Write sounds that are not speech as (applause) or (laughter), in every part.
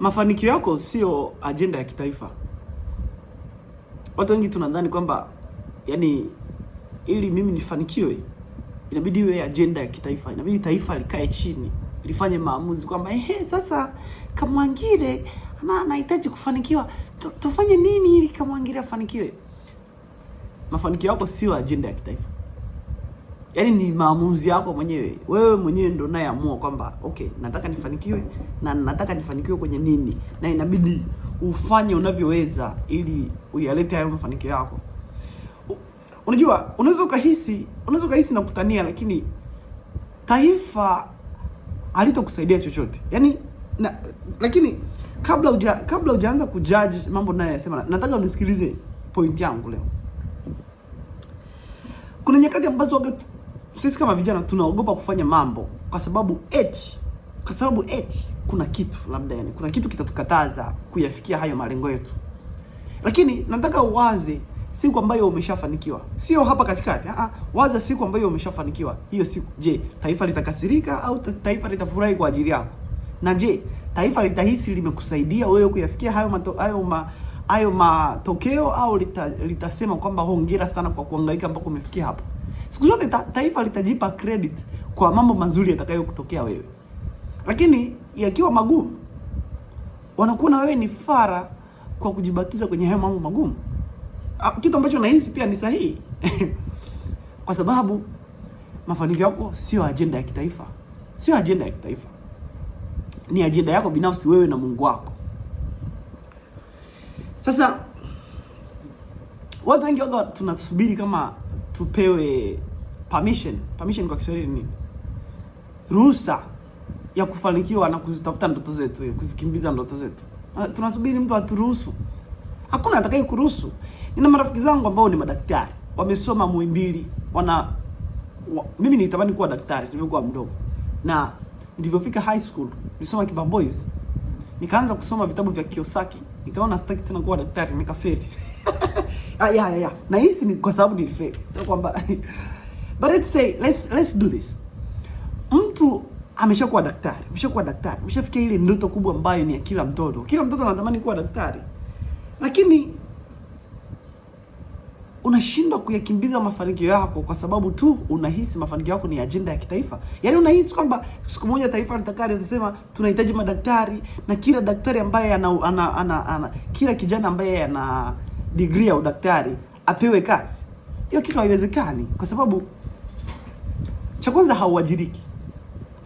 mafanikio yako sio ajenda ya kitaifa. Watu wengi tunadhani kwamba yani, ili mimi nifanikiwe inabidi iwe ajenda ya kitaifa, inabidi taifa likae chini lifanye maamuzi kwamba ehe, sasa Kamwangire anahitaji kufanikiwa, tufanye nini ili Kamwangire afanikiwe? Mafanikio yako sio ajenda ya kitaifa yaani ni maamuzi yako mwenyewe. Wewe mwenyewe ndo unayeamua kwamba okay, nataka nifanikiwe na nataka nifanikiwe kwenye nini, na inabidi ufanye unavyoweza ili uyalete hayo mafanikio yako. Unajua, unaweza ukahisi, unaweza ukahisi kutania, lakini taifa alitokusaidia chochote yani na, lakini kabla uja, kabla hujaanza kujudge mambo nayosema, nataka unisikilize point yangu leo. Kuna nyakati ambazo sisi kama vijana tunaogopa kufanya mambo kwa sababu eti kwa sababu eti kuna kitu labda, yani kuna kitu kitatukataza kuyafikia hayo malengo yetu. Lakini nataka uwaze siku ambayo umeshafanikiwa, sio hapa katikati. Ah, waza siku ambayo umeshafanikiwa. Hiyo siku, je, taifa litakasirika au taifa litafurahi kwa ajili yako? Na je, taifa litahisi limekusaidia wewe kuyafikia hayo mato, hayo ma, hayo matokeo au litasema lita kwamba hongera sana kwa kuangaika mpaka umefikia hapo? Siku zote ta, taifa litajipa credit kwa mambo mazuri yatakayokutokea wewe, lakini yakiwa magumu wanakuona wewe ni fara kwa kujibatiza kwenye hayo mambo magumu, ah, kitu ambacho nahisi pia ni sahihi (laughs) kwa sababu mafanikio yako sio ajenda ya kitaifa, sio ajenda ya kitaifa, ni ajenda yako binafsi, wewe na Mungu wako. Sasa watu wengi waga tunasubiri kama tupewe permission. Permission kwa Kiswahili ni nini? Ruhusa ya kufanikiwa na kuzitafuta ndoto zetu, kuzikimbiza ndoto zetu. Tunasubiri mtu aturuhusu. Hakuna atakaye kuruhusu. Nina marafiki zangu ambao ni madaktari, wamesoma Muhimbili, wana wa, mimi nilitamani kuwa daktari nilipokuwa mdogo. Na nilivyofika high school, nilisoma Kiba Boys. Nikaanza kusoma vitabu vya Kiyosaki, nikaona sitaki tena kuwa daktari, nikafeti (laughs) Ah, yeah, yeah, yeah. Na hisi ni kwa sababu ni fake. Sio kwamba (laughs) But let's say let's let's do this. Mtu ameshakuwa daktari, ameshakuwa daktari, ameshafikia ile ndoto kubwa ambayo ni ya kila mtoto. Kila mtoto anatamani kuwa daktari. Lakini unashindwa kuyakimbiza mafanikio yako kwa sababu tu unahisi mafanikio yako ni ajenda ya kitaifa. Yaani unahisi kwamba siku moja taifa litakaa litasema tunahitaji madaktari na kila daktari ambaye ana, ana, ana, ana, ana kila kijana ambaye ana degree ya udaktari apewe kazi. Hiyo kitu haiwezekani, kwa sababu cha kwanza hauajiriki,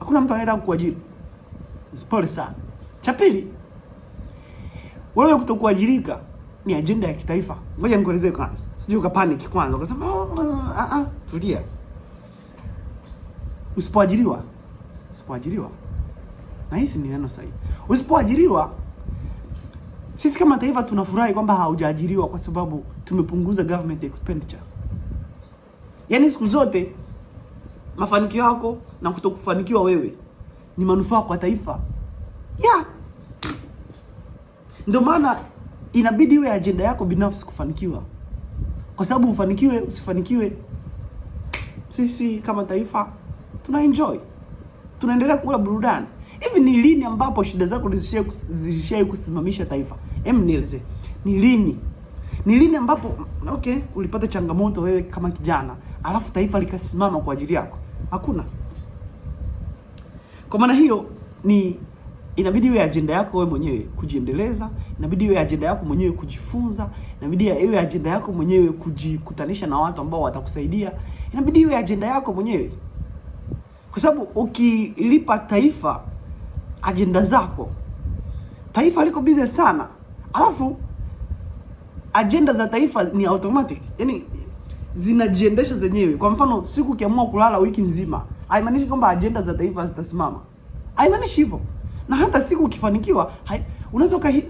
hakuna mtu anaenda kukuajiri, pole sana. Cha pili, wewe kutokuajirika ni ajenda ya kitaifa. Ngoja nikuelezee kwanza, sijui ukapanic kwanza, kwa sababu a ah, ah, tulia. Usipoajiriwa, usipoajiriwa, nahisi ni neno sahihi, usipoajiriwa sisi kama taifa tunafurahi kwamba haujaajiriwa kwa sababu tumepunguza government expenditure. Yaani siku zote mafanikio yako na kutokufanikiwa wewe ni manufaa kwa taifa. Yeah. Ndio maana inabidi iwe ajenda yako binafsi kufanikiwa, kwa sababu ufanikiwe usifanikiwe, sisi kama taifa tuna enjoy, tunaendelea kula burudani. Hivi ni lini ambapo shida zako zilishai kusimamisha taifa? Hem, nielezee ni lini, ni lini ambapo okay, ulipata changamoto wewe kama kijana alafu taifa likasimama kwa ajili yako? Hakuna. Kwa maana hiyo ni inabidi iwe ajenda yako wewe mwenyewe kujiendeleza, inabidi iwe ajenda yako mwenyewe kujifunza, inabidi iwe ajenda yako mwenyewe kujikutanisha na watu ambao watakusaidia, inabidi iwe ajenda yako mwenyewe, kwa sababu ukilipa taifa ajenda zako. Taifa liko busy sana, alafu ajenda za taifa ni automatic, yani zinajiendesha zenyewe. Kwa mfano, siku ukiamua kulala wiki nzima, haimaanishi kwamba ajenda za taifa zitasimama, haimaanishi hivyo. Na hata siku ukifanikiwa, unaweza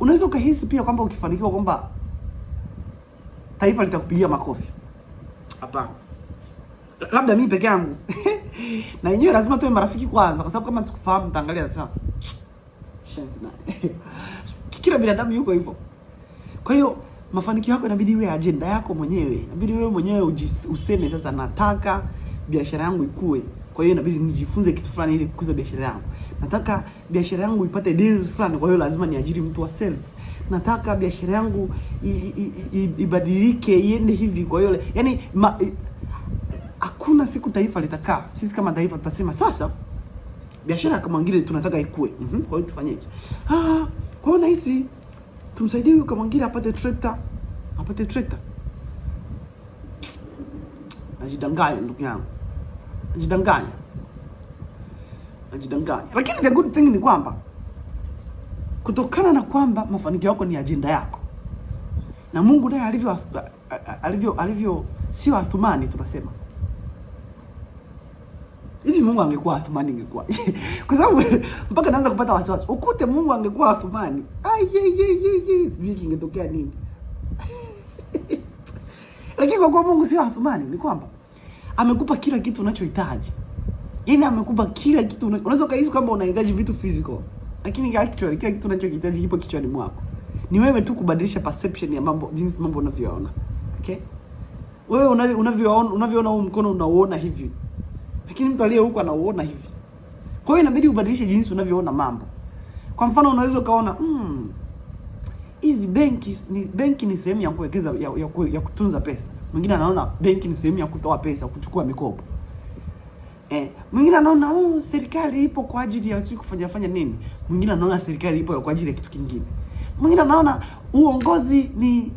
unaweza ukahisi pia kwamba ukifanikiwa kwamba taifa litakupigia makofi. Hapana labda mimi peke yangu (laughs) na yenyewe lazima tuwe marafiki kwanza, kwa sababu kama sikufahamu nitaangalia sasa shenzi na (laughs) kila binadamu yuko hivyo. Kwa hiyo mafanikio yako inabidi iwe ajenda yako mwenyewe, inabidi wewe mwenyewe useme sasa, nataka biashara yangu ikue. Kwa hiyo inabidi nijifunze kitu fulani ili kukuza biashara yangu. Nataka biashara yangu ipate deals fulani, kwa hiyo lazima niajiri mtu wa sales. Nataka biashara yangu ibadilike iende hivi, kwa hiyo yani ma, kuna siku taifa litakaa, sisi kama taifa tutasema sasa biashara kama ngine tunataka ikue. Mm -hmm. Kwa hiyo tufanyeje? Ah, kwa hiyo nahisi tumsaidie huyu ngine apate trekta, apate trekta. Najidanganya ndugu yangu, najidanganya, najidanganya. Lakini the good thing ni kwamba kutokana na kwamba mafanikio yako ni ajenda yako na Mungu naye alivyo alivyo alivyo, sio athumani tunasema hivi Mungu angekuwa Athumani ingekuwa (laughs) kwa sababu mpaka naanza kupata wasiwasi, ukute Mungu angekuwa Athumani, sijui kingetokea nini (laughs) lakini kwa kuwa Mungu sio Athumani, ni kwamba amekupa kila kitu unachohitaji. Yaani amekupa kila kitu una... unaweza ukahisi kwamba unahitaji vitu physical, lakini actually kila kitu unachokihitaji kipo kichwani mwako. Ni wewe tu kubadilisha perception ya mambo, jinsi mambo unavyoona. Okay, wewe unavyoona unavyoona huu mkono unauona hivi lakini mtu aliye huko anauona hivi. Kwa hiyo inabidi ubadilishe jinsi unavyoona mambo. Kwa mfano unaweza ukaona hmm, hizi mm, benki ni benki ni sehemu ya kuwekeza ya, ya, ya kutunza pesa. Mwingine anaona benki ni sehemu ya kutoa pesa, kuchukua mikopo. Eh, mwingine anaona oh, serikali ipo kwa ajili ya sisi kufanya fanya nini. Mwingine anaona serikali ipo kwa ajili ya kitu kingine. Mwingine anaona uongozi ni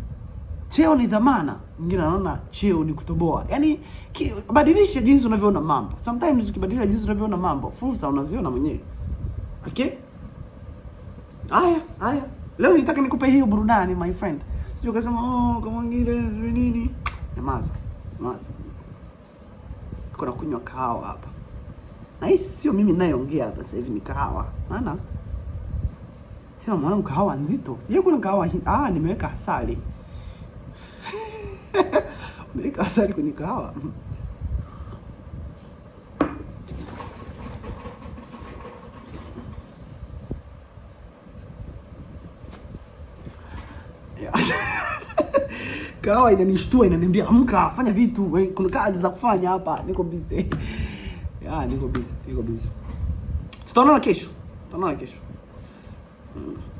cheo ni dhamana, mwingine anaona cheo ni kutoboa. Yani badilisha jinsi unavyoona mambo. Sometimes ukibadilisha jinsi unavyoona mambo, fursa unaziona mwenyewe. Okay? Haya, haya. Leo nitaka nikupe hiyo burudani my friend. Sio ukasema oh, kama ngire nini? Nyamaza. Nyamaza. kuna kunywa kahawa hapa. Na hii sio mimi ninayeongea hapa sasa hivi ni kahawa. Maana sema mwanangu kahawa nzito. Sijui kuna kahawa hii. Ah, nimeweka asali. Naweka asali kwenye kahawa. Mhm. (laughs) Kahawa inanishtua, inaniambia amka, fanya vitu, kuna kazi za kufanya hapa. Niko busy. (laughs) Ya, niko busy, niko busy. Tutaonana kesho, tutaonana kesho. Mm.